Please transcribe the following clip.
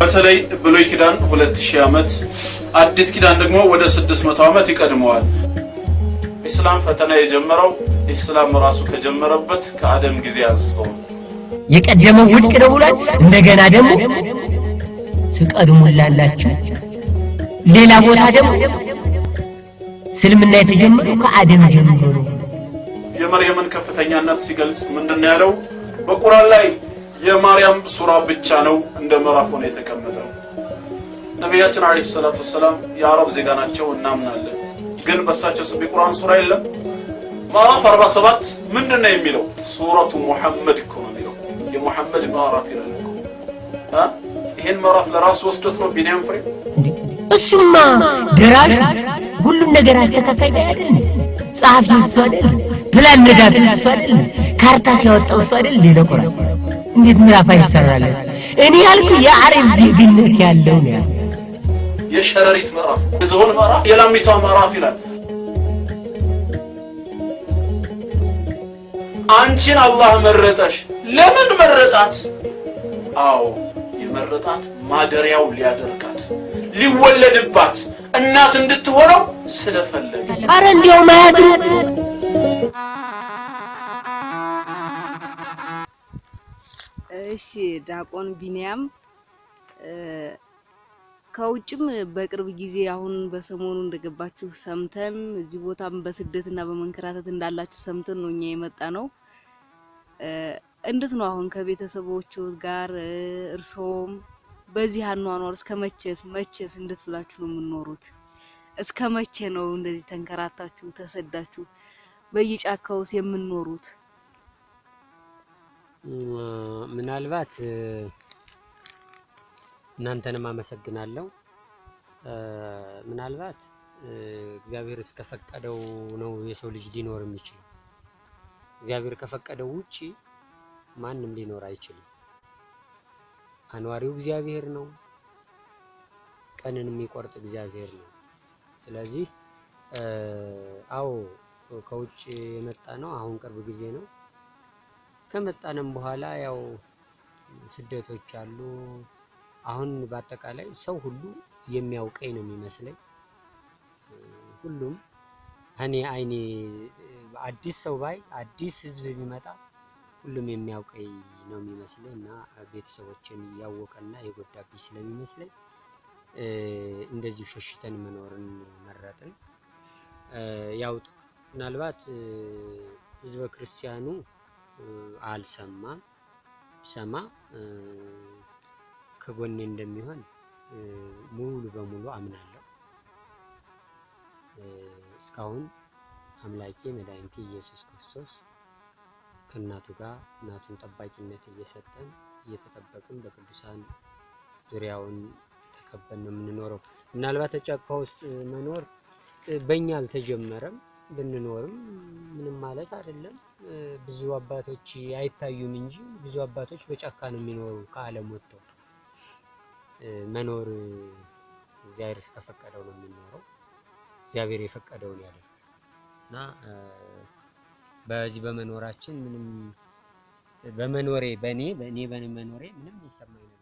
በተለይ ብሉይ ኪዳን 2000 ዓመት አዲስ ኪዳን ደግሞ ወደ 600 ዓመት ይቀድመዋል። ኢስላም ፈተና የጀመረው ኢስላም ራሱ ከጀመረበት ከአደም ጊዜ አንስቶ የቀደመው ውድቅ ነው ብሏል። እንደገና ደግሞ ትቀድሙላላችሁ። ሌላ ቦታ ደግሞ እስልምና የተጀመረው ከአደም ጀምሮ ነው። የመርየምን ከፍተኛነት ሲገልጽ ምንድን ነው ያለው? በቁርአን ላይ የማርያም ሱራ ብቻ ነው እንደ ምዕራፍ ሆነ የተቀመጠው። ነቢያችን አለይሂ ሰላቱ ወሰላም የአረብ ዜጋ ናቸው እናምናለን። ግን በሳቸው ስም የቁርአን ሱራ የለም። ምዕራፍ 47 ምንድን ነው የሚለው? ሱረቱ ሙሐመድ እኮ ነው የሚለው። የሙሐመድ ምዕራፍ ይላል እኮ አ ምዕራፍ ለራሱ ወስዶት ነው ቢኒያም ፍሬ። እሱማ ደራሽ ሁሉም ነገር አስተካካይ አይደል? ጸሐፊ እሱ አይደል? ፕላን ነዳፊ እሱ አይደል? ካርታ ሲያወጣው እሱ አይደል? ሌላ ቁርአን እንዴት ምዕራፍ አይሰራለን? እኔ ያልኩ የአረብ ዜግነት ያለው ነው። የሸረሪት ምዕራፍ፣ የዝሆን ምዕራፍ፣ የላሚቷ ምዕራፍ ይላል። አንቺን አላህ መረጠሽ። ለምን መረጣት? አዎ የመረጣት ማደሪያው ሊያደርጋት ሊወለድባት እናት እንድትሆነው ስለፈለገ። አረ እንዲያው ማያድሩ እሺ ዳቆን ቢንያም ከውጭም በቅርብ ጊዜ አሁን በሰሞኑ እንደገባችሁ ሰምተን እዚህ ቦታም በስደትና በመንከራተት እንዳላችሁ ሰምተን ነው እኛ የመጣ ነው። እንዴት ነው አሁን ከቤተሰቦቹ ጋር እርሶም በዚህ አኗኗር እስከ መቼስ መቼስ እንዴት ብላችሁ ነው የምኖሩት? እስከ መቼ ነው እንደዚህ ተንከራታችሁ ተሰዳችሁ በየጫካውስ የምኖሩት? ምናልባት እናንተንም አመሰግናለሁ። ምናልባት እግዚአብሔር እስከፈቀደው ነው የሰው ልጅ ሊኖር የሚችለው። እግዚአብሔር ከፈቀደው ውጪ ማንም ሊኖር አይችልም። አኗሪው እግዚአብሔር ነው። ቀንን የሚቆርጥ እግዚአብሔር ነው። ስለዚህ አዎ ከውጭ የመጣ ነው። አሁን ቅርብ ጊዜ ነው። ከመጣንም በኋላ ያው ስደቶች አሉ። አሁን በአጠቃላይ ሰው ሁሉ የሚያውቀኝ ነው የሚመስለኝ። ሁሉም እኔ አይኔ አዲስ ሰው ባይ አዲስ ህዝብ ቢመጣ ሁሉም የሚያውቀኝ ነው የሚመስለኝ እና ቤተሰቦችን እያወቀና የጎዳብኝ ስለሚመስለኝ እንደዚሁ ሸሽተን መኖርን መረጥን። ያው ምናልባት ህዝበ ክርስቲያኑ አልሰማ ሰማ ከጎኔ እንደሚሆን ሙሉ በሙሉ አምናለሁ። እስካሁን አምላኬ መድኃኒቴ ኢየሱስ ክርስቶስ ከእናቱ ጋር እናቱን ጠባቂነት እየሰጠን እየተጠበቅን በቅዱሳን ዙሪያውን ተከበን ነው የምንኖረው። ምናልባት ተጫካ ውስጥ መኖር በእኛ አልተጀመረም። ብንኖርም ምንም ማለት አይደለም። ብዙ አባቶች አይታዩም እንጂ ብዙ አባቶች በጫካ ነው የሚኖሩ ከዓለም ወጥተው መኖር እግዚአብሔር እስከፈቀደው ነው የሚኖረው። እግዚአብሔር የፈቀደውን ያደርግ እና በዚህ በመኖራችን ምንም በመኖሬ በእኔ በእኔ በመኖሬ ምንም ይሰማኝ